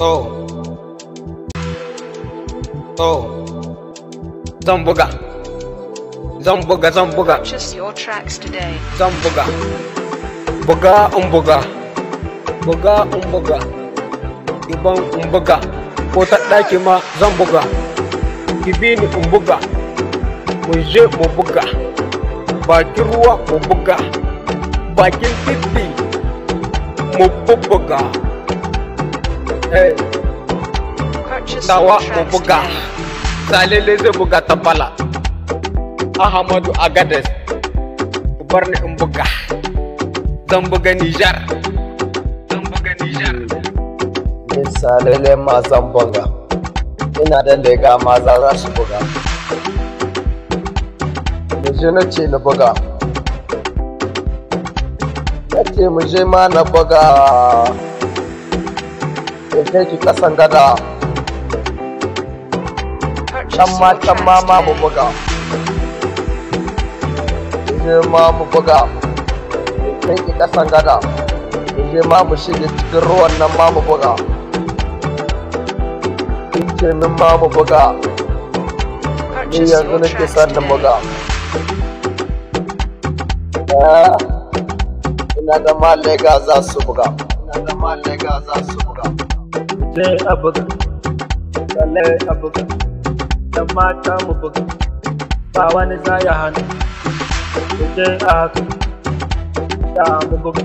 to to zan buga zan buga zan buga zan buga buga in um buga buga in um buga iban in um ko ta ɗaki ma zan buga kibini in buga mu je mu buga bakin ruwa mu buga bakin titi mu bubbuga tawa mu buga salele zai buga tambala ahamadu agades bar ni in buga zan buga nijar zan buga nijar misalele ma zan buga ina da lega ma za su buga muje na ce na buga ya ce muje ma na buga ya kai ki kasan gada can ma can ma ma mu buga je ma mu buga kai ki kasan gada je ma mu shige cikin ruwan nan ma mu buga kirmin ma mu buga ni yanzu nake son na buga ah, ina da ma lega za su buga ina da ma lega za su buga Lai a buga, lai a buga, dan mata mu buga, ba wani zaya hannu, kuje a haka, da mu buga,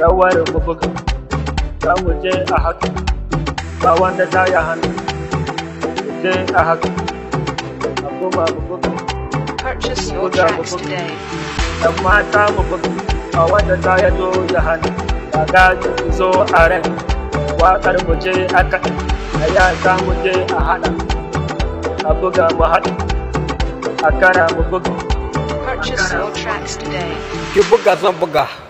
rawar mu buga, za mu je a haka, ba wanda zaya hannu, kuje a haka, a kuma mu buga. Purchase your tracks today. Dan mata mu buga, ba wanda zaya zo ya hannu, ga gaji zo a rai. waƙar mu je aka a yasa mu je a haɗa a buga mu haɗa a kara mu buga Purchase all tracks today. Ki buga zan buga.